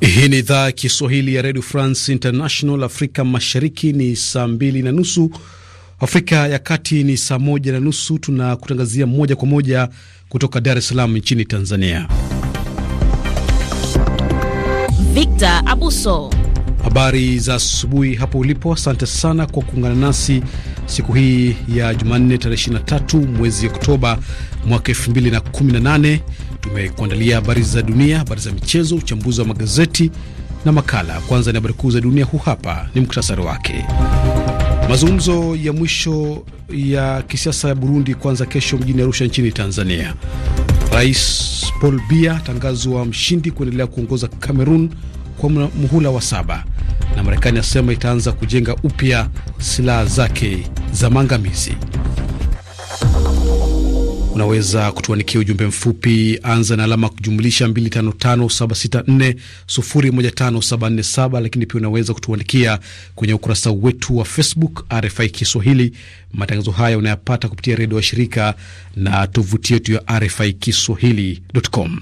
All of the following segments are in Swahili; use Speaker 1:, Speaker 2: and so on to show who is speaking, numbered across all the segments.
Speaker 1: Hii ni idhaa ya Kiswahili ya redio France International. Afrika Mashariki ni saa mbili na nusu, Afrika ya Kati ni saa moja na nusu. Tunakutangazia moja kwa moja kutoka Dar es Salaam nchini Tanzania.
Speaker 2: Victor Abuso,
Speaker 1: habari za asubuhi hapo ulipo. Asante sana kwa kuungana nasi siku hii ya Jumanne, tarehe 23 mwezi Oktoba mwaka 2018 tumekuandalia habari za dunia, habari za michezo, uchambuzi wa magazeti na makala. Kwanza ni habari kuu za dunia, huu hapa ni muktasari wake. Mazungumzo ya mwisho ya kisiasa ya Burundi kwanza kesho mjini Arusha nchini Tanzania. Rais Paul Biya atangazwa mshindi kuendelea kuongoza cameron kwa muhula wa saba, na Marekani asema itaanza kujenga upya silaha zake za maangamizi. Unaweza kutuandikia ujumbe mfupi, anza na alama kujumlisha 255764015747. Lakini pia unaweza kutuandikia kwenye ukurasa wetu wa Facebook RFI Kiswahili. Matangazo haya unayapata kupitia redio wa shirika na tovuti yetu ya RFI Kiswahili.com.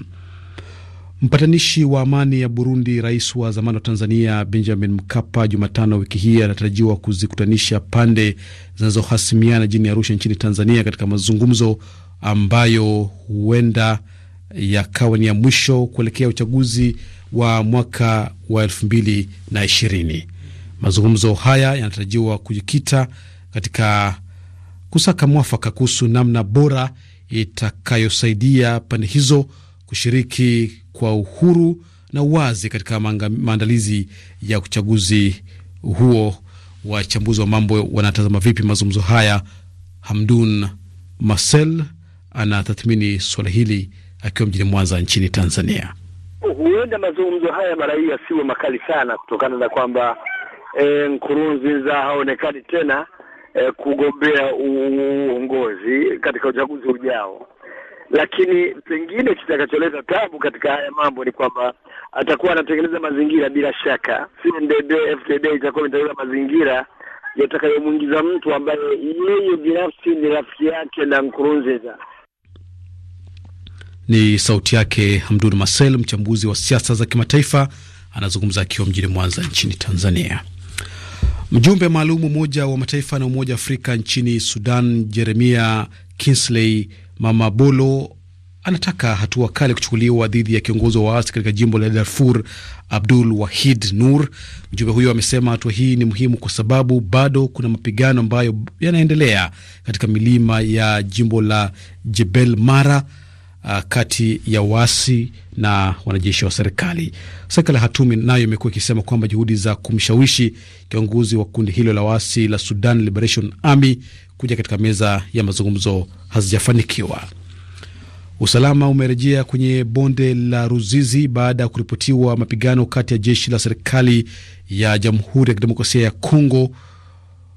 Speaker 1: Mpatanishi wa amani ya Burundi, rais wa zamani wa Tanzania Benjamin Mkapa, Jumatano wiki hii anatarajiwa kuzikutanisha pande zinazohasimiana jijini Arusha nchini Tanzania katika mazungumzo ambayo huenda yakawa ni ya mwisho kuelekea uchaguzi wa mwaka wa elfu mbili na ishirini. Mazungumzo haya yanatarajiwa kujikita katika kusaka mwafaka kuhusu namna bora itakayosaidia pande hizo kushiriki kwa uhuru na uwazi katika maandalizi ya uchaguzi huo. Wachambuzi wa mambo wanatazama vipi mazungumzo haya? Hamdun Marcel anatathmini suala hili akiwa mjini Mwanza nchini Tanzania.
Speaker 3: Huenda mazungumzo haya mara hii yasiwe makali sana kutokana na kwamba e, Nkurunziza haonekani tena e, kugombea uongozi katika uchaguzi ujao, lakini pengine kitakacholeta tabu katika haya mambo ni kwamba atakuwa anatengeneza mazingira, bila shaka CNDD FDD itakuwa imetengeneza mazingira yatakayomwingiza mtu ambaye yeye binafsi ni rafiki yake na Nkurunziza
Speaker 1: ni sauti yake Hamdun masel mchambuzi wa siasa za kimataifa, anazungumza akiwa mjini Mwanza nchini Tanzania. Mjumbe maalum Umoja wa Mataifa na Umoja Afrika nchini Sudan, Jeremia Kinsley Mamabolo, anataka hatua kali kuchukuliwa dhidi ya kiongozi wa waasi katika jimbo la Darfur, Abdul Wahid Nur. Mjumbe huyo amesema hatua hii ni muhimu kwa sababu bado kuna mapigano ambayo yanaendelea katika milima ya jimbo la Jebel Mara uh, kati ya waasi na wanajeshi wa serikali. Serikali ya Hatumi nayo imekuwa ikisema kwamba juhudi za kumshawishi kiongozi wa kundi hilo la waasi la Sudan Liberation Army kuja katika meza ya mazungumzo hazijafanikiwa. Usalama umerejea kwenye bonde la Ruzizi baada ya kuripotiwa mapigano kati ya jeshi la serikali ya Jamhuri ya Kidemokrasia ya Kongo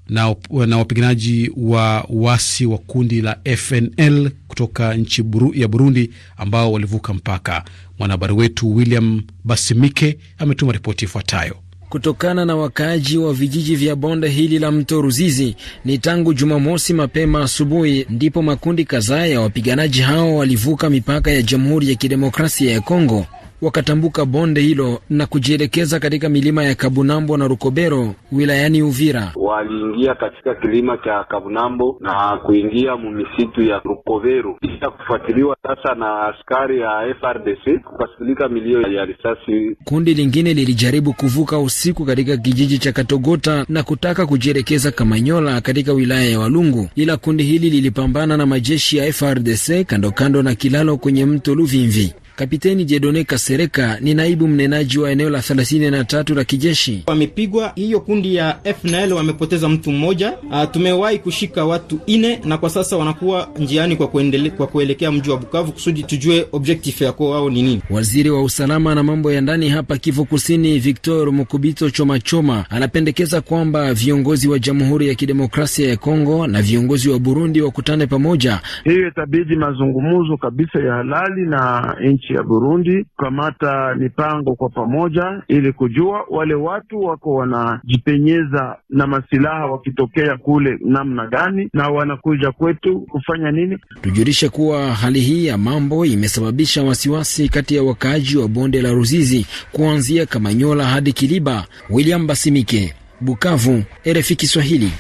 Speaker 1: na, na wapiganaji wa wasi wa kundi la FNL kutoka nchi buru, ya Burundi ambao walivuka mpaka. Mwanahabari wetu William Basimike ametuma ripoti ifuatayo.
Speaker 2: Kutokana na wakaaji wa vijiji vya bonde hili la mto Ruzizi, ni tangu Jumamosi mapema asubuhi ndipo makundi kadhaa ya wapiganaji hao walivuka mipaka ya Jamhuri ya Kidemokrasia ya Kongo wakatambuka bonde hilo na kujielekeza katika milima ya Kabunambo na Rukobero wilayani Uvira.
Speaker 4: Waliingia katika kilima cha Kabunambo na kuingia mumisitu ya Rukobero kisha kufuatiliwa sasa na askari ya FRDC, kukasikilika milio ya risasi.
Speaker 2: Kundi lingine lilijaribu kuvuka usiku katika kijiji cha Katogota na kutaka kujielekeza Kamanyola katika wilaya ya Walungu, ila kundi hili lilipambana na majeshi ya FRDC kando kando na kilalo kwenye mto Luvimvi. Kapiteni Jedone Kasereka ni naibu mnenaji wa eneo la 33 la kijeshi. Wamepigwa hiyo kundi ya FNL, wamepoteza mtu mmoja. Ah, tumewahi kushika watu ine na kwa sasa wanakuwa njiani kwa, kuendele, kwa kuelekea mji wa Bukavu kusudi tujue objective yako wao ni nini. Waziri wa usalama na mambo ya ndani hapa Kivu Kusini Victor mukubito Chomachoma anapendekeza kwamba viongozi wa Jamhuri ya Kidemokrasia ya Kongo na viongozi wa Burundi wakutane pamoja.
Speaker 5: Hiyo itabidi mazungumzo kabisa ya halali na nchi nchi ya Burundi kukamata mipango kwa pamoja, ili kujua wale watu wako wanajipenyeza na masilaha wakitokea kule namna gani, na wanakuja kwetu kufanya nini. Tujulishe
Speaker 2: kuwa hali hii ya mambo imesababisha wasiwasi kati ya wakaaji wa bonde la Ruzizi kuanzia Kamanyola hadi Kiliba. William Basimike, Bukavu, RFI Kiswahili.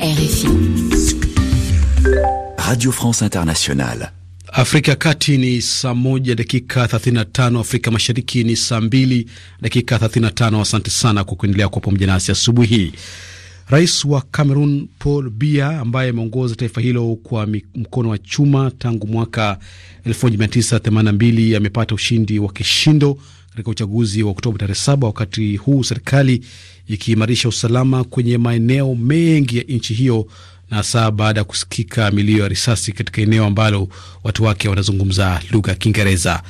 Speaker 4: RFI Radio France Internationale.
Speaker 1: Afrika ya Kati ni saa moja dakika 35, Afrika Mashariki ni saa mbili dakika 35. Asante sana kwa kuendelea kuwa pamoja nasi asubuhi hii. Rais wa Cameroon Paul Biya ambaye ameongoza taifa hilo kwa mkono wa chuma tangu mwaka 1982 amepata ushindi wa kishindo katika uchaguzi wa Oktoba tarehe 7, wakati huu serikali ikiimarisha usalama kwenye maeneo mengi ya nchi hiyo na saa baada ya kusikika milio ya risasi katika eneo ambalo watu wake wanazungumza lugha ya Kiingereza.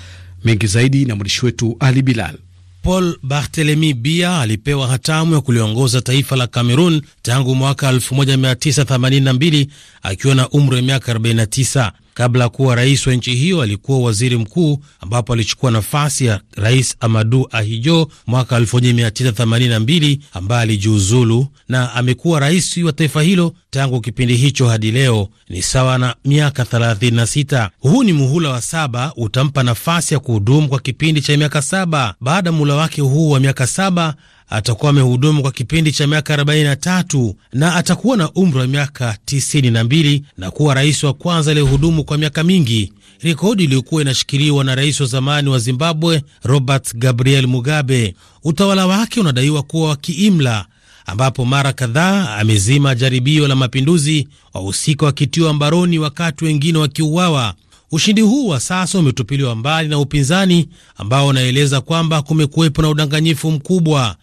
Speaker 1: Mengi zaidi na mwandishi wetu Ali Bilal. Paul Barthelemy bia alipewa hatamu ya kuliongoza
Speaker 6: taifa la Cameroon tangu mwaka 1982 akiwa na umri wa miaka 49. Kabla ya kuwa rais wa nchi hiyo, alikuwa waziri mkuu, ambapo alichukua nafasi ya Rais Amadu Ahijo mwaka 1982 ambaye alijiuzulu, na amekuwa rais wa taifa hilo tangu kipindi hicho hadi leo, ni sawa na miaka 36. Huu ni muhula wa saba, utampa nafasi ya kuhudumu kwa kipindi cha miaka saba. Baada ya muhula wake huu wa miaka saba atakuwa amehudumu kwa kipindi cha miaka 43 na atakuwa na umri wa miaka 92 na kuwa rais wa kwanza aliyehudumu kwa miaka mingi, rekodi iliyokuwa inashikiliwa na rais wa zamani wa Zimbabwe Robert Gabriel Mugabe. Utawala wake unadaiwa kuwa wa kiimla, ambapo mara kadhaa amezima jaribio la mapinduzi, wahusika wakitiwa mbaroni, wakati wengine wakiuawa. Ushindi huu wa sasa umetupiliwa mbali na upinzani ambao unaeleza kwamba kumekuwepo na udanganyifu mkubwa.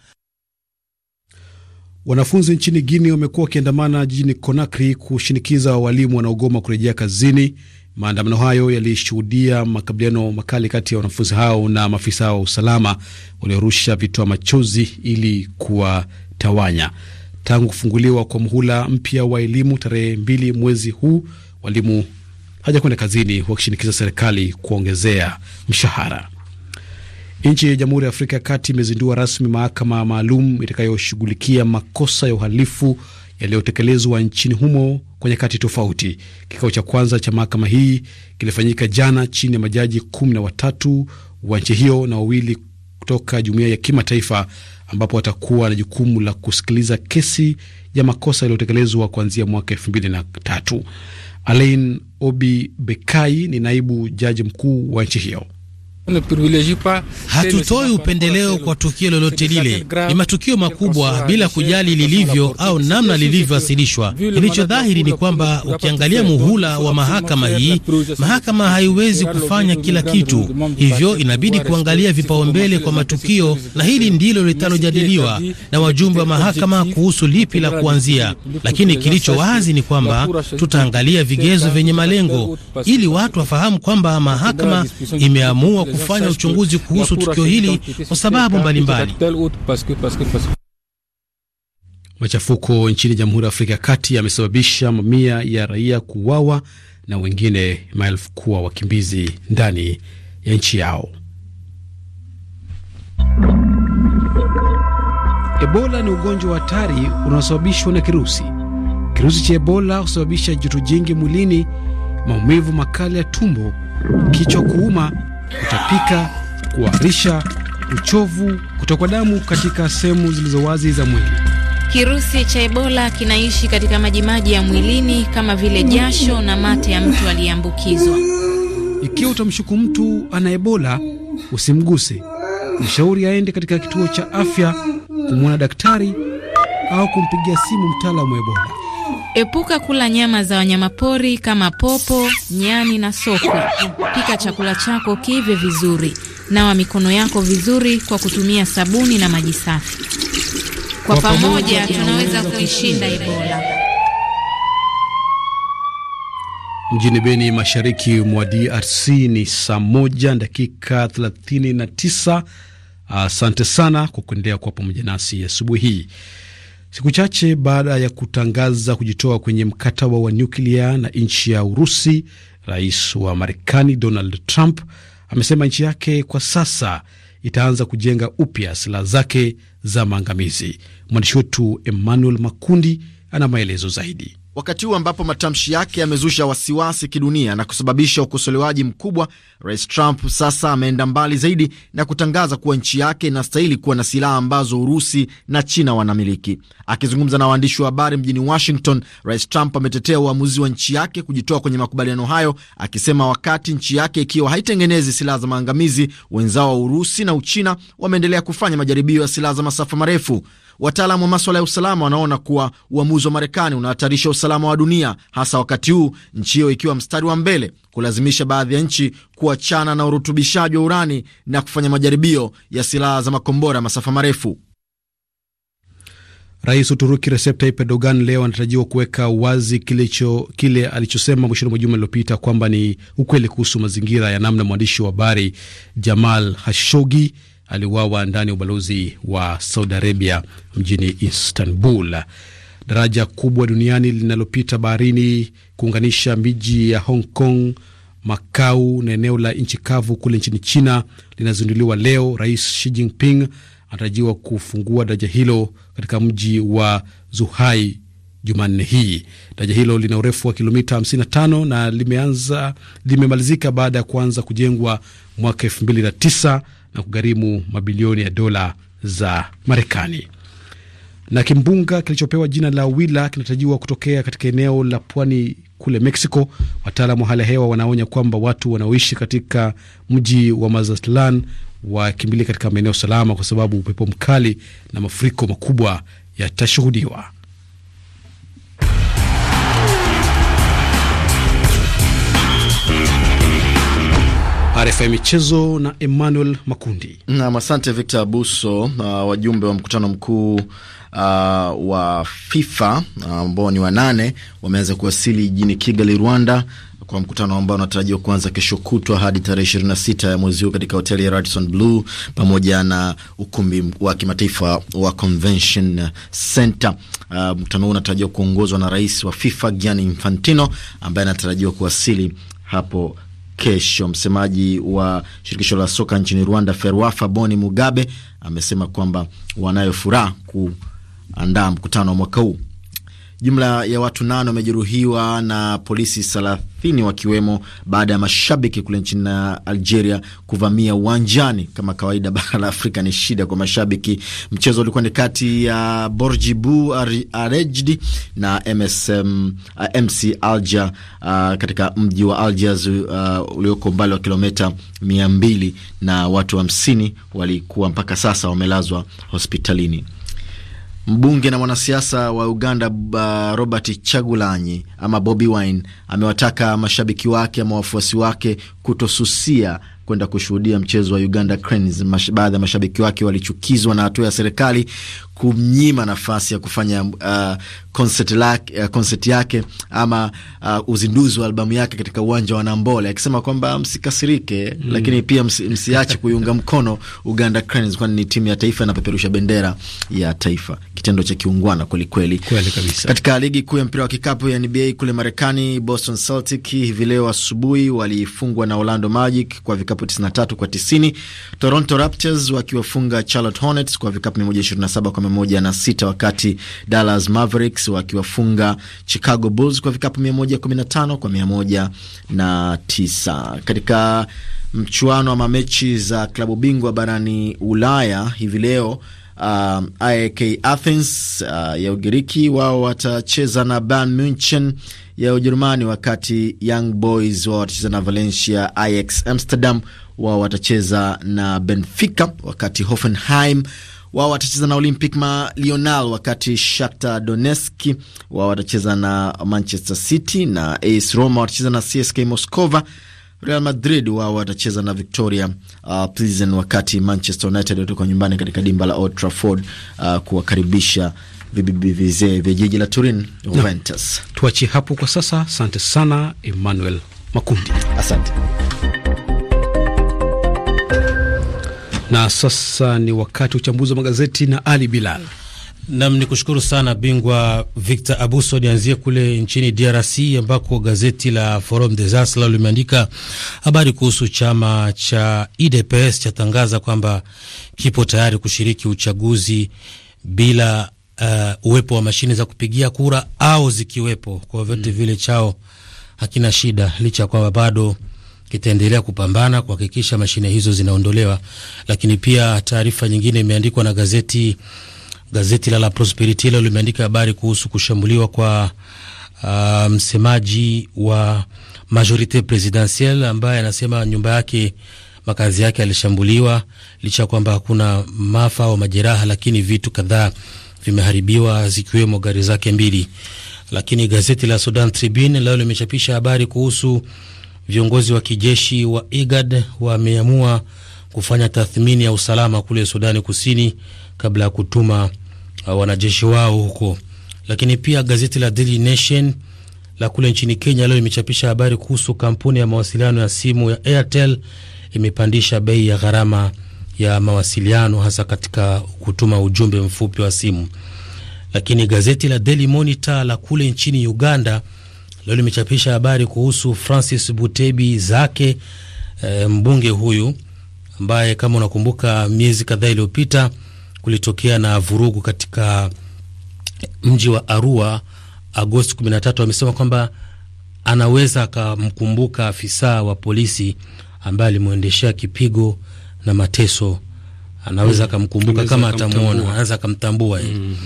Speaker 1: Wanafunzi nchini Guinea wamekuwa wakiandamana jijini Conakry kushinikiza walimu wanaogoma kurejea kazini. Maandamano hayo yalishuhudia makabiliano makali kati ya wanafunzi hao na maafisa wa usalama waliorusha vitoa machozi ili kuwatawanya. Tangu kufunguliwa kwa mhula mpya wa elimu tarehe mbili mwezi huu, walimu hajakwenda kazini wakishinikiza serikali kuongezea mshahara. Nchi ya Jamhuri ya Afrika ya Kati imezindua rasmi mahakama maalum itakayoshughulikia makosa ya uhalifu yaliyotekelezwa nchini humo kwa nyakati tofauti. Kikao cha kwanza cha mahakama hii kilifanyika jana chini ya majaji kumi na watatu wa nchi hiyo na wawili kutoka jumuiya ya kimataifa, ambapo watakuwa na jukumu la kusikiliza kesi ya makosa yaliyotekelezwa kuanzia mwaka elfu mbili na tatu. Alain Obi Bekai ni naibu jaji mkuu wa nchi hiyo.
Speaker 6: Hatutoi upendeleo kwa tukio lolote lile, ni matukio makubwa bila kujali lilivyo au namna lilivyoasilishwa Kilicho dhahiri ni kwamba ukiangalia muhula wa mahakama hii, mahakama haiwezi kufanya kila kitu, hivyo inabidi kuangalia vipaumbele kwa matukio, na hili ndilo litalojadiliwa na wajumbe wa mahakama kuhusu lipi la kuanzia. Lakini kilicho wazi ni kwamba tutaangalia vigezo vyenye malengo, ili watu wafahamu kwamba mahakama imeamua kufanya uchunguzi kuhusu tukio hili kwa sababu mbalimbali.
Speaker 1: Machafuko nchini Jamhuri ya Afrika ya Kati yamesababisha mamia ya raia kuuawa na wengine maelfu kuwa wakimbizi ndani ya nchi yao. Ebola ni ugonjwa wa hatari unaosababishwa na kirusi. Kirusi cha Ebola husababisha joto jingi mwilini, maumivu makali ya tumbo, kichwa kuuma kutapika, kuharisha, uchovu, kutokwa damu katika sehemu zilizo wazi za mwili.
Speaker 2: Kirusi cha Ebola kinaishi katika majimaji ya mwilini kama vile jasho na mate ya mtu aliyeambukizwa.
Speaker 1: Ikiwa utamshuku mtu ana Ebola, usimguse. Mshauri aende katika kituo cha afya kumwona daktari au kumpigia simu mtaalamu wa Ebola.
Speaker 2: Epuka kula nyama za wanyamapori kama popo, nyani na sokwe. Pika chakula chako kive vizuri. Nawa mikono yako vizuri kwa kutumia sabuni na maji safi.
Speaker 4: Kwa pamoja
Speaker 2: tunaweza kuishinda Ebola.
Speaker 1: Mjini Beni, mashariki mwa DRC ni saa moja dakika 39. Asante sana kwa kuendelea kuwa pamoja nasi asubuhi hii. Siku chache baada ya kutangaza kujitoa kwenye mkataba wa nyuklia na nchi ya Urusi, rais wa Marekani Donald Trump amesema nchi yake kwa sasa itaanza kujenga upya silaha zake za maangamizi. Mwandishi wetu Emmanuel Makundi ana maelezo zaidi.
Speaker 7: Wakati huu ambapo matamshi yake yamezusha wasiwasi kidunia na kusababisha ukosolewaji mkubwa, Rais Trump sasa ameenda mbali zaidi na kutangaza kuwa nchi yake inastahili kuwa na silaha ambazo Urusi na China wanamiliki. Akizungumza na waandishi wa habari mjini Washington, Rais Trump ametetea uamuzi wa nchi yake kujitoa kwenye makubaliano hayo, akisema wakati nchi yake ikiwa haitengenezi silaha za maangamizi, wenzao wa Urusi na Uchina wameendelea kufanya majaribio ya silaha za masafa marefu. Wataalamu wa maswala ya usalama wanaona kuwa uamuzi wa Marekani unahatarisha usalama wa dunia, hasa wakati huu nchi hiyo ikiwa mstari wa mbele kulazimisha baadhi ya nchi kuachana na urutubishaji wa urani na kufanya majaribio ya silaha za makombora masafa marefu.
Speaker 1: Rais Uturuki Recep Tayyip Erdogan leo anatarajiwa kuweka wazi kilicho, kile alichosema mwishoni mwa juma lililopita kwamba ni ukweli kuhusu mazingira ya namna mwandishi wa habari Jamal hashogi aliuawa ndani ya ubalozi wa Saudi Arabia mjini Istanbul. Daraja kubwa duniani linalopita baharini kuunganisha miji ya Hong Kong, Makau na eneo la nchi kavu kule nchini China linazinduliwa leo. Rais Xi Jinping anatarajiwa kufungua daraja hilo katika mji wa Zuhai Jumanne hii. Daraja hilo lina urefu wa kilomita 55 na limeanza limemalizika baada ya kuanza kujengwa mwaka 2009 na kugharimu mabilioni ya dola za Marekani. Na kimbunga kilichopewa jina la Willa kinatarajiwa kutokea katika eneo la pwani kule Mexico. Wataalamu wa hali ya hewa wanaonya kwamba watu wanaoishi katika mji wa Mazatlan wakimbilia katika maeneo salama, kwa sababu upepo mkali na mafuriko makubwa yatashuhudiwa.
Speaker 7: RFI michezo na Emmanuel Makundi. Nam, asante Victor Abuso. Uh, wajumbe wa mkutano mkuu uh, wa FIFA uh, ambao uh, ni wanane wameanza kuwasili jijini Kigali, Rwanda kwa mkutano ambao unatarajiwa kuanza kesho kutwa hadi tarehe 26 ya mwezi huu katika hoteli ya Radisson Blue pamoja na ukumbi wa kimataifa wa Convention Center. Uh, mkutano huu unatarajiwa kuongozwa na rais wa FIFA Gianni Infantino ambaye anatarajiwa kuwasili hapo kesho. Msemaji wa shirikisho la soka nchini Rwanda, FERWAFA, Boni Mugabe amesema kwamba wanayo furaha kuandaa mkutano wa mwaka huu. Jumla ya watu nane wamejeruhiwa na polisi thelathini wakiwemo baada ya mashabiki kule nchini Algeria kuvamia uwanjani. Kama kawaida, bara la Afrika ni shida kwa mashabiki. Mchezo ulikuwa ni kati ya Borjibu Arejdi na MSM, uh, MC Alger uh, katika mji wa Algiers uh, ulioko umbali wa kilometa mia mbili na watu hamsini wa walikuwa mpaka sasa wamelazwa hospitalini. Mbunge na mwanasiasa wa Uganda uh, Robert Chagulanyi ama Bobi Wine amewataka mashabiki wake ama wafuasi wake kutosusia kwenda kushuhudia mchezo wa Uganda Cranes. Baadhi ya mashabiki wake walichukizwa na hatua ya serikali kumnyima nafasi ya kufanya konseti uh, uh, yake ama uh, uzinduzi wa albamu yake katika uwanja wa Nambole akisema kwamba msikasirike, mm. lakini pia ms, msiache kuiunga mkono Uganda Cranes kwani ni timu ya taifa inapeperusha bendera ya taifa, kitendo cha kiungwana kwelikweli. Kweli kabisa. Katika ligi kuu ya mpira wa kikapu ya NBA kule Marekani, Boston Celtic hivi leo asubuhi walifungwa na Orlando Magic kwa vikapu 93 kwa 90, Toronto Raptors wakiwafunga Charlotte Hornets kwa vikapu 127 kwa 116 wakati Dallas Mavericks wakiwafunga Chicago Bulls kwa vikapu 115 kwa 109. Katika mchuano wa mamechi za klabu bingwa barani Ulaya hivi leo Uh, um, AEK Athens uh, ya Ugiriki wao watacheza na Bayern Munchen ya Ujerumani, wakati Young Boys wao watacheza na Valencia. Ajax Amsterdam wao watacheza na Benfica, wakati Hoffenheim wao watacheza na Olympic ma Lionel, wakati Shakhtar Donetsk wao watacheza na Manchester City, na AS Roma watacheza na CSK Moscova. Real Madrid wao watacheza na Victoria uh, Pilsen, wakati Manchester United watoka nyumbani katika dimba la Old Trafford uh, kuwakaribisha vibibi vizee vya jiji la Turin, Juventus.
Speaker 1: Tuachie hapo kwa sasa. Asante sana Emmanuel Makundi, asante. Na sasa ni wakati wa uchambuzi wa magazeti na Ali Bilal. Nam ni kushukuru
Speaker 6: sana bingwa Victor Abuso. Nianzie kule nchini DRC ambako gazeti la Forum des As lao limeandika habari kuhusu chama cha IDPS chatangaza kwamba kipo tayari kushiriki uchaguzi bila uh, uwepo wa mashine za kupigia kura au zikiwepo kwa vyote mm, vile chao hakina shida, licha ya kwamba bado kitaendelea kupambana kuhakikisha mashine hizo zinaondolewa. Lakini pia taarifa nyingine imeandikwa na gazeti gazeti la La Prosperity, hilo limeandika habari kuhusu kushambuliwa kwa uh, msemaji wa Majorite Presidentielle ambaye anasema nyumba yake makazi yake alishambuliwa licha ya kwamba hakuna maafa au majeraha, lakini vitu kadhaa vimeharibiwa zikiwemo gari zake mbili. Lakini gazeti la Sudan Tribune leo limechapisha habari kuhusu Viongozi wa kijeshi wa IGAD wameamua kufanya tathmini ya usalama kule Sudani Kusini kabla ya kutuma uh, wanajeshi wao huko. Lakini pia gazeti la Daily Nation la kule nchini Kenya leo imechapisha habari kuhusu kampuni ya mawasiliano ya simu ya Airtel imepandisha bei ya gharama ya mawasiliano hasa katika kutuma ujumbe mfupi wa simu. Lakini gazeti la Daily Monitor la kule nchini Uganda leo limechapisha habari kuhusu Francis Butebi zake, e, mbunge huyu ambaye kama unakumbuka miezi kadhaa iliyopita kulitokea na vurugu katika mji wa Arua Agosti 13. Amesema kwamba anaweza akamkumbuka afisa wa polisi ambaye alimwendeshea kipigo na mateso, anaweza akamkumbuka kama atamwona, anaweza akamtambua mm.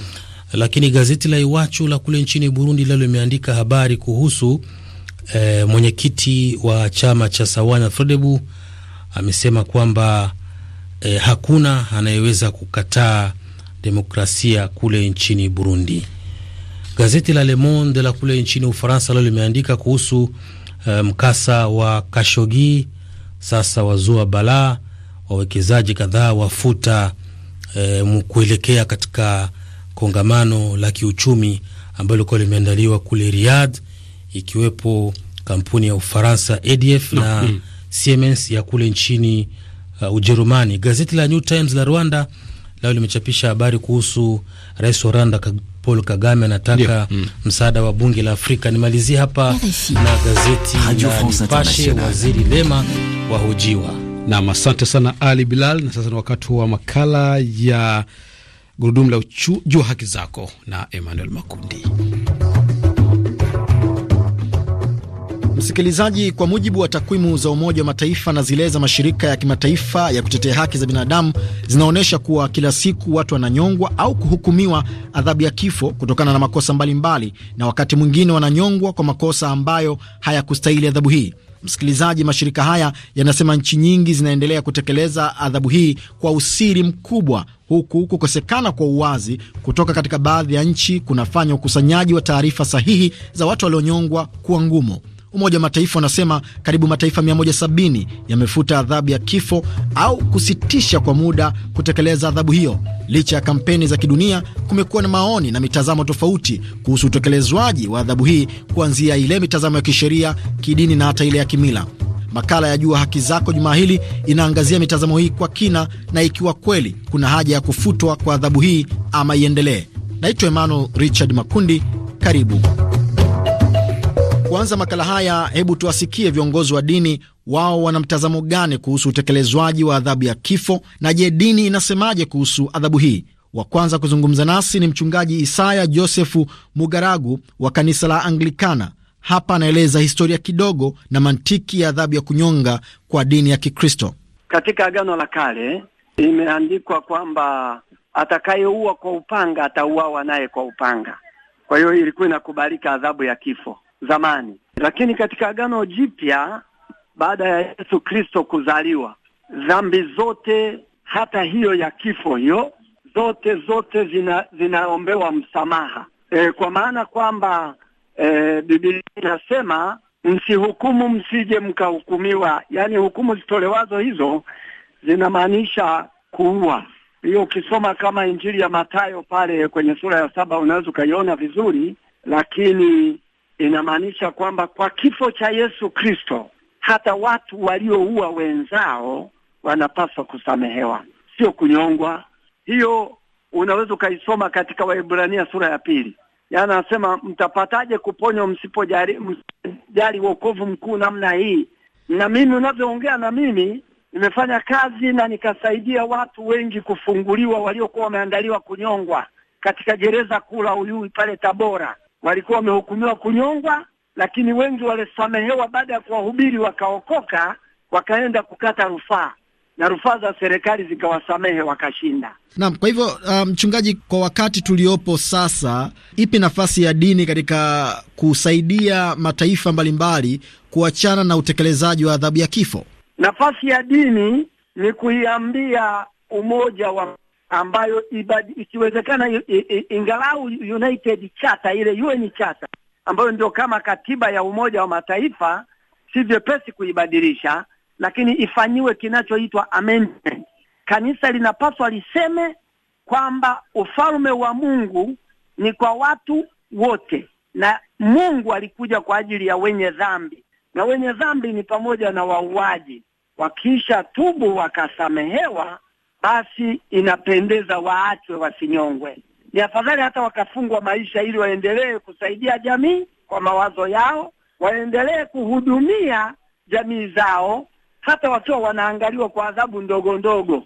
Speaker 6: Lakini gazeti la Iwachu la kule nchini Burundi lalo limeandika habari kuhusu e, mwenyekiti wa chama cha Sawana Fredebu amesema kwamba e, hakuna anayeweza kukataa demokrasia kule nchini Burundi. Gazeti la Le Monde la kule nchini Ufaransa lalo limeandika kuhusu e, mkasa wa Kashogi, sasa wazua balaa wawekezaji kadhaa wafuta e, kuelekea katika kongamano la kiuchumi ambalo lilikuwa limeandaliwa kule Riyadh, ikiwepo kampuni ya Ufaransa ADF no. na mm. Siemens ya kule nchini uh, Ujerumani. Gazeti la New Times la Rwanda leo limechapisha habari kuhusu rais wa Rwanda Paul Kagame anataka mm. msaada wa bunge la Afrika. Nimalizie hapa na gazeti Radio la Nipashe, waziri
Speaker 1: Lema wahojiwa. Nam, asante sana Ali Bilal. Na sasa ni wakati wa makala ya gurudumu la jua haki zako na Emmanuel Makundi.
Speaker 7: Msikilizaji, kwa mujibu wa takwimu za Umoja wa Mataifa na zile za mashirika ya kimataifa ya kutetea haki za binadamu zinaonyesha kuwa kila siku watu wananyongwa au kuhukumiwa adhabu ya kifo kutokana na makosa mbalimbali mbali, na wakati mwingine wananyongwa kwa makosa ambayo hayakustahili adhabu hii. Msikilizaji, mashirika haya yanasema nchi nyingi zinaendelea kutekeleza adhabu hii kwa usiri mkubwa, huku kukosekana kwa uwazi kutoka katika baadhi ya nchi kunafanya ukusanyaji wa taarifa sahihi za watu walionyongwa kuwa ngumu. Umoja wa Mataifa unasema karibu mataifa 170 yamefuta adhabu ya kifo au kusitisha kwa muda kutekeleza adhabu hiyo. Licha ya kampeni za kidunia, kumekuwa na maoni na mitazamo tofauti kuhusu utekelezwaji wa adhabu hii, kuanzia ile mitazamo ya kisheria, kidini na hata ile ya kimila. Makala ya Jua Haki Zako jumaa hili inaangazia mitazamo hii kwa kina na ikiwa kweli kuna haja ya kufutwa kwa adhabu hii ama iendelee. Naitwa Emmanuel Richard Makundi, karibu. Kuanza makala haya, hebu tuwasikie viongozi wa dini, wao wana mtazamo gani kuhusu utekelezwaji wa adhabu ya kifo, na je, dini inasemaje kuhusu adhabu hii? Wa kwanza kuzungumza nasi ni mchungaji Isaya Josefu Mugaragu wa kanisa la Anglikana. Hapa anaeleza historia kidogo na mantiki ya adhabu ya kunyonga kwa dini ya Kikristo.
Speaker 3: Katika Agano la Kale imeandikwa kwamba atakayeua kwa upanga atauawa naye kwa upanga. Kwa hiyo ilikuwa inakubalika adhabu ya kifo, zamani, lakini katika Agano Jipya baada ya Yesu Kristo kuzaliwa, dhambi zote hata hiyo ya kifo hiyo zote zote zina, zinaombewa msamaha e, kwa maana kwamba e, Biblia inasema msihukumu msije mkahukumiwa. Yaani hukumu zitolewazo hizo zinamaanisha kuua. Hiyo ukisoma kama Injili ya Mathayo pale kwenye sura ya saba unaweza ukaiona vizuri, lakini inamaanisha kwamba kwa kifo cha Yesu Kristo hata watu walioua wenzao wanapaswa kusamehewa, sio kunyongwa. Hiyo unaweza ukaisoma katika Waebrania sura ya pili. Yaani anasema mtapataje kuponywa msipojali msipojali wokovu mkuu namna hii? Na mimi unavyoongea na mimi nimefanya kazi na nikasaidia watu wengi kufunguliwa waliokuwa wameandaliwa kunyongwa katika gereza kuu la Uyui pale Tabora walikuwa wamehukumiwa kunyongwa, lakini wengi walisamehewa baada ya kuwahubiri wakaokoka, wakaenda kukata rufaa na rufaa za serikali zikawasamehe wakashinda.
Speaker 7: Naam, kwa hivyo uh, mchungaji, um, kwa wakati tuliopo sasa, ipi nafasi ya dini katika kusaidia mataifa mbalimbali kuachana na utekelezaji wa adhabu ya kifo?
Speaker 3: Nafasi ya dini ni kuiambia Umoja wa ambayo ibadi, ikiwezekana ingalau United Charter ile UN charter ambayo ndio kama katiba ya Umoja wa Mataifa, si vyepesi kuibadilisha, lakini ifanyiwe kinachoitwa amendment. Kanisa linapaswa liseme kwamba ufalme wa Mungu ni kwa watu wote, na Mungu alikuja kwa ajili ya wenye dhambi, na wenye dhambi ni pamoja na wauaji. Wakisha tubu wakasamehewa basi inapendeza waachwe, wasinyongwe. Ni afadhali hata wakafungwa maisha, ili waendelee kusaidia jamii kwa mawazo yao, waendelee kuhudumia jamii zao, hata wakiwa wanaangaliwa kwa adhabu ndogo ndogo.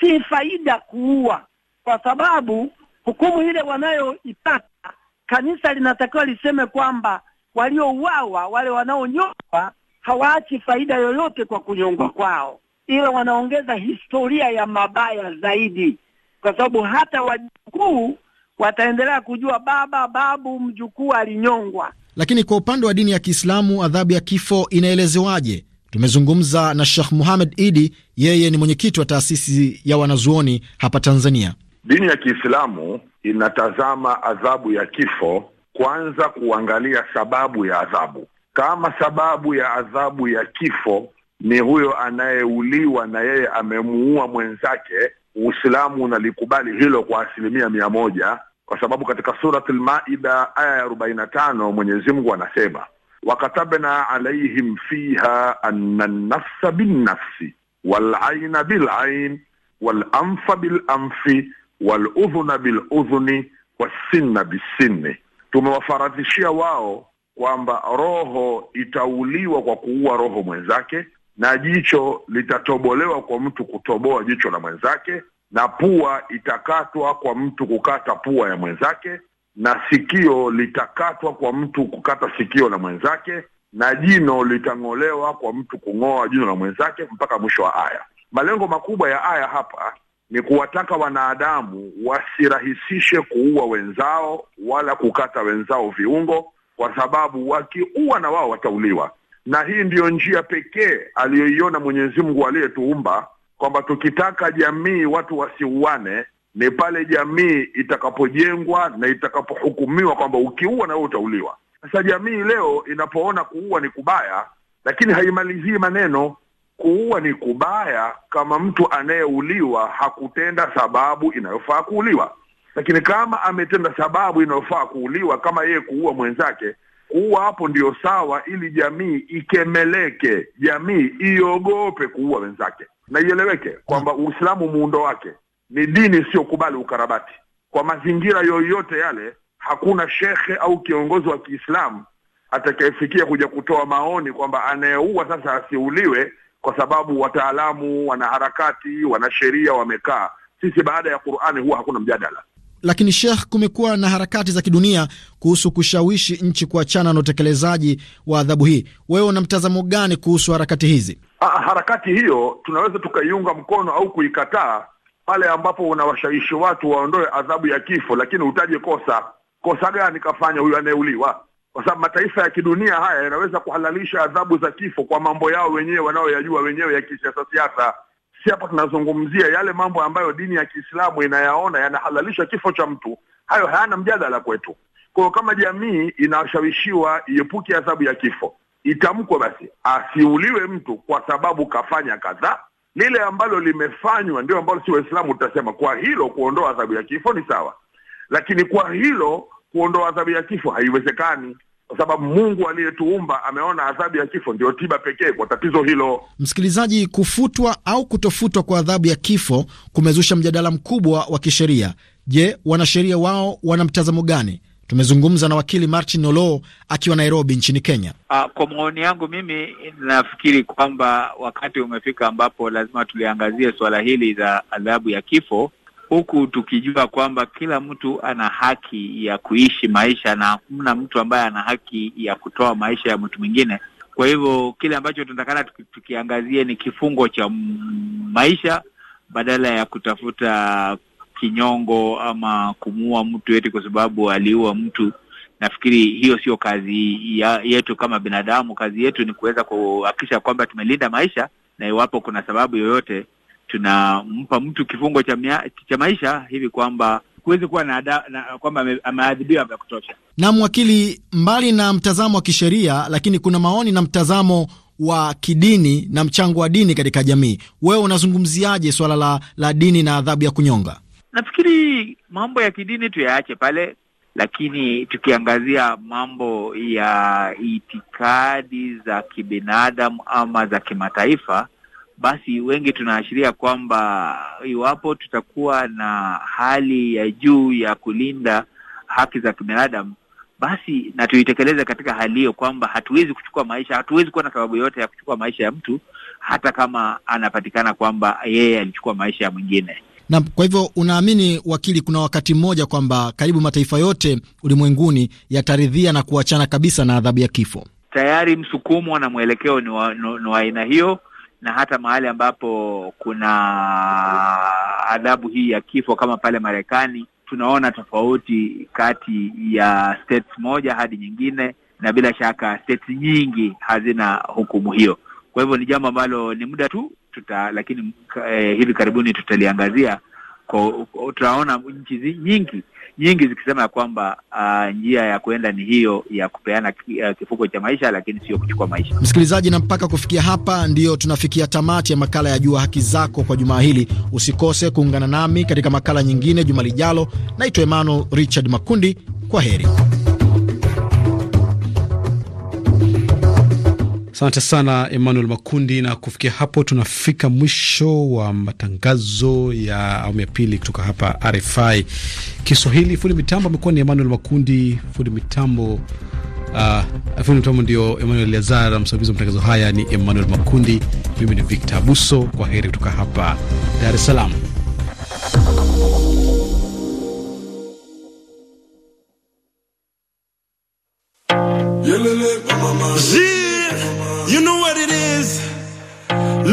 Speaker 3: Si faida kuua, kwa sababu hukumu ile wanayoipata, kanisa linatakiwa liseme kwamba waliouawa, wale wanaonyongwa hawaachi faida yoyote kwa kunyongwa kwao ila wanaongeza historia ya mabaya zaidi, kwa sababu hata wajukuu wataendelea kujua baba, babu, mjukuu alinyongwa.
Speaker 7: Lakini kwa upande wa dini ya Kiislamu, adhabu ya kifo inaelezewaje? Tumezungumza na Sheikh Muhamed Idi, yeye ni mwenyekiti wa taasisi ya wanazuoni hapa Tanzania.
Speaker 5: Dini ya Kiislamu inatazama adhabu ya kifo kwanza, kuangalia sababu ya adhabu. Kama sababu ya adhabu ya kifo ni huyo anayeuliwa na yeye amemuua mwenzake, Uislamu unalikubali hilo kwa asilimia mia moja kwa sababu katika Surat Lmaida aya ya arobaini na tano mwenyezimngu anasema wakatabna alaihim fiha ana nafsa binnafsi walaina bilain walanfa bilanfi waludhuna biludhuni wassinna bissinni, tumewafaradhishia wao kwamba roho itauliwa kwa kuua roho mwenzake, na jicho litatobolewa kwa mtu kutoboa jicho la mwenzake, na pua itakatwa kwa mtu kukata pua ya mwenzake, na sikio litakatwa kwa mtu kukata sikio la mwenzake, na jino litang'olewa kwa mtu kung'oa jino la mwenzake, mpaka mwisho wa aya. Malengo makubwa ya aya hapa ni kuwataka wanadamu wasirahisishe kuua wenzao wala kukata wenzao viungo, kwa sababu wakiua na wao watauliwa na hii ndiyo njia pekee aliyoiona Mwenyezi Mungu aliyetuumba kwamba tukitaka jamii watu wasiuane ni pale jamii itakapojengwa na itakapohukumiwa kwamba ukiua na wewe utauliwa. Sasa jamii leo inapoona kuua ni kubaya, lakini haimalizii maneno kuua ni kubaya kama mtu anayeuliwa hakutenda sababu inayofaa kuuliwa, lakini kama ametenda sababu inayofaa kuuliwa, kama yeye kuua mwenzake, kuua hapo ndio sawa, ili jamii ikemeleke, jamii iogope kuua wenzake, na ieleweke kwamba mm. Uislamu muundo wake ni dini isiyokubali ukarabati kwa mazingira yoyote yale. Hakuna shekhe au kiongozi wa Kiislamu atakayefikia kuja kutoa maoni kwamba anayeua sasa asiuliwe, kwa sababu wataalamu, wanaharakati, wanasheria wamekaa. Sisi baada ya Qur'ani huwa hakuna mjadala.
Speaker 7: Lakini Sheikh, kumekuwa na harakati za kidunia kuhusu kushawishi nchi kuachana na utekelezaji wa adhabu hii. Wewe una mtazamo gani kuhusu harakati hizi?
Speaker 5: Ha, ah, harakati hiyo tunaweza tukaiunga mkono au kuikataa pale ambapo unawashawishi watu waondoe adhabu ya kifo, lakini utaje kosa. Kosa gani kafanya huyu anayeuliwa? Kwa sababu mataifa ya kidunia haya yanaweza kuhalalisha adhabu za kifo kwa mambo yao wenyewe wanaoyajua wenyewe ya kisiasa siasa si hapa tunazungumzia yale mambo ambayo dini ya Kiislamu inayaona yanahalalisha kifo cha mtu, hayo hayana mjadala kwetu. Kwa kama jamii inashawishiwa iepuke adhabu ya kifo, itamkwe basi asiuliwe mtu kwa sababu kafanya kadhaa. Lile ambalo limefanywa ndio ambalo si Waislamu utasema kwa hilo kuondoa adhabu ya kifo ni sawa, lakini kwa hilo kuondoa adhabu ya kifo haiwezekani kwa sababu Mungu aliyetuumba ameona adhabu ya kifo ndio tiba pekee kwa tatizo hilo.
Speaker 7: Msikilizaji, kufutwa au kutofutwa kwa adhabu ya kifo kumezusha mjadala mkubwa wa kisheria. Je, wanasheria wao wana mtazamo gani? Tumezungumza na wakili Martin Olo akiwa Nairobi nchini Kenya.
Speaker 4: Aa, ah, kwa maoni yangu mimi nafikiri kwamba wakati umefika ambapo lazima tuliangazia suala hili la adhabu ya kifo huku tukijua kwamba kila mtu ana haki ya kuishi maisha na hamna mtu ambaye ana haki ya kutoa maisha ya mtu mwingine. Kwa hivyo kile ambacho tunatakana tukiangazie ni kifungo cha maisha badala ya kutafuta kinyongo ama kumuua mtu yeti kwa sababu aliua mtu. Nafikiri hiyo sio kazi yetu kama binadamu. Kazi yetu ni kuweza kuhakikisha kwamba tumelinda maisha, na iwapo kuna sababu yoyote tunampa mtu kifungo cha, mia, cha maisha hivi kwamba huwezi kuwa na, na kwamba ameadhibiwa vya kutosha.
Speaker 7: Na mwakili, mbali na mtazamo wa kisheria, lakini kuna maoni na mtazamo wa kidini na mchango wa dini katika jamii. Wewe unazungumziaje swala la, la dini na adhabu ya kunyonga?
Speaker 4: Nafikiri mambo ya kidini tuyaache pale, lakini tukiangazia mambo ya itikadi za kibinadamu ama za kimataifa basi wengi tunaashiria kwamba iwapo tutakuwa na hali ya juu ya kulinda haki za kibinadamu, basi na tuitekeleze katika hali hiyo, kwamba hatuwezi kuchukua maisha, hatuwezi kuwa na sababu yoyote ya kuchukua maisha ya mtu, hata kama anapatikana kwamba yeye alichukua maisha ya mwingine.
Speaker 7: Na kwa hivyo unaamini, wakili, kuna wakati mmoja kwamba karibu mataifa yote ulimwenguni yataridhia na kuachana kabisa na adhabu ya kifo?
Speaker 4: Tayari msukumo na mwelekeo ni wa aina hiyo na hata mahali ambapo kuna adhabu hii ya kifo kama pale Marekani, tunaona tofauti kati ya states moja hadi nyingine, na bila shaka states nyingi hazina hukumu hiyo. Kwa hivyo ni jambo ambalo ni muda tu tuta, lakini eh, hivi karibuni tutaliangazia. Tutaona nchi nyingi nyingi zikisema ya kwamba uh, njia ya kuenda ni hiyo ya kupeana eh, kifuko cha maisha, lakini sio kuchukua maisha.
Speaker 7: Msikilizaji, na mpaka kufikia hapa ndiyo tunafikia tamati ya makala ya Jua Haki Zako kwa jumaa hili. Usikose kuungana nami katika makala nyingine juma lijalo. Naitwa Emmanuel Richard Makundi, kwa heri. Asante
Speaker 1: sana Emmanuel Makundi, na kufikia hapo tunafika mwisho wa matangazo ya awamu ya pili kutoka hapa RFI Kiswahili. Fundi mitambo amekuwa ni Emmanuel Makundi, fundi mitambo Uh, fundi mtamu ndio Emmanuel na msimamizi wa matangazo haya ni Emmanuel Makundi. Mimi ni Victor Buso, kwa heri kutoka hapa Dar es Salaam.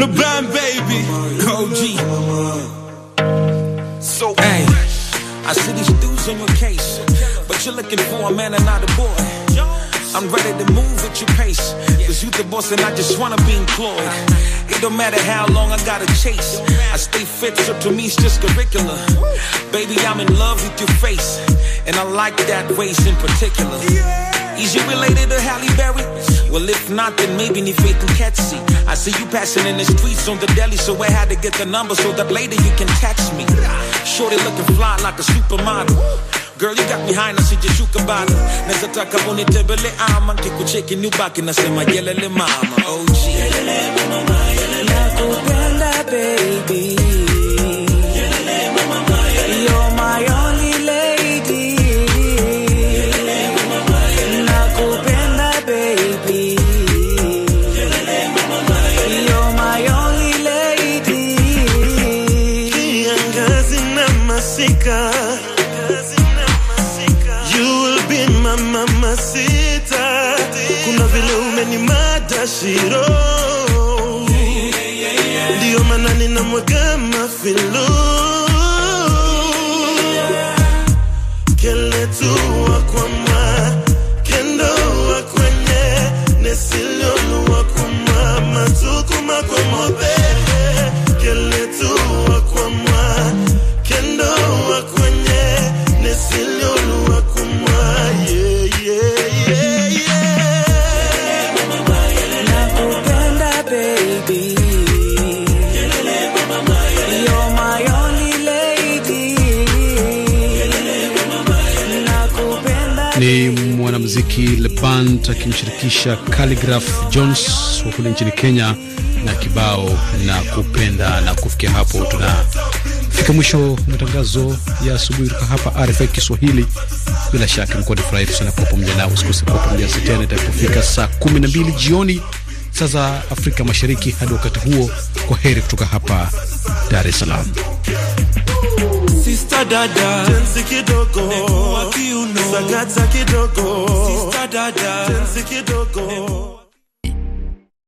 Speaker 5: LeBron, baby. OG. So hey, I see these dudes in your case, but you're looking for a man and not a boy. I'm ready to move at your pace, cause you the boss and I just wanna be employed. It don't matter how long I gotta chase. I stay fit, so to me it's just curricular. Baby, I'm in love with your face, and I like that waist in particular. Is you related to Halle Berry? Well, if not, then maybe need faith to catch see. I see you passing in the streets on the deli, so I had to get the number so that later you can catch me. Shorty looking fly like a supermodel. Girl, you got me high na sijashukabana nazataka unitebele ama I nyumbaki my yellow mama oh,
Speaker 3: nakupenda baby
Speaker 1: akimshirikisha Khaligraph Jones wa kule nchini Kenya na kibao na kupenda. Na kufikia hapo, tunafika mwisho matangazo ya asubuhi kutoka hapa RFI Kiswahili. Bila shaka imekuwa ni furaha sana kuwa pamoja nao. Usikose kuwa pamoja nasi tena itakapofika saa mbili jioni saa za Afrika Mashariki. Hadi wakati huo, kwa heri kutoka hapa Dar es Salaam.
Speaker 5: Sister dada tenzi kidogo, nekuwa kiuno, sakata kidogo. Sister dada tenzi kidogo,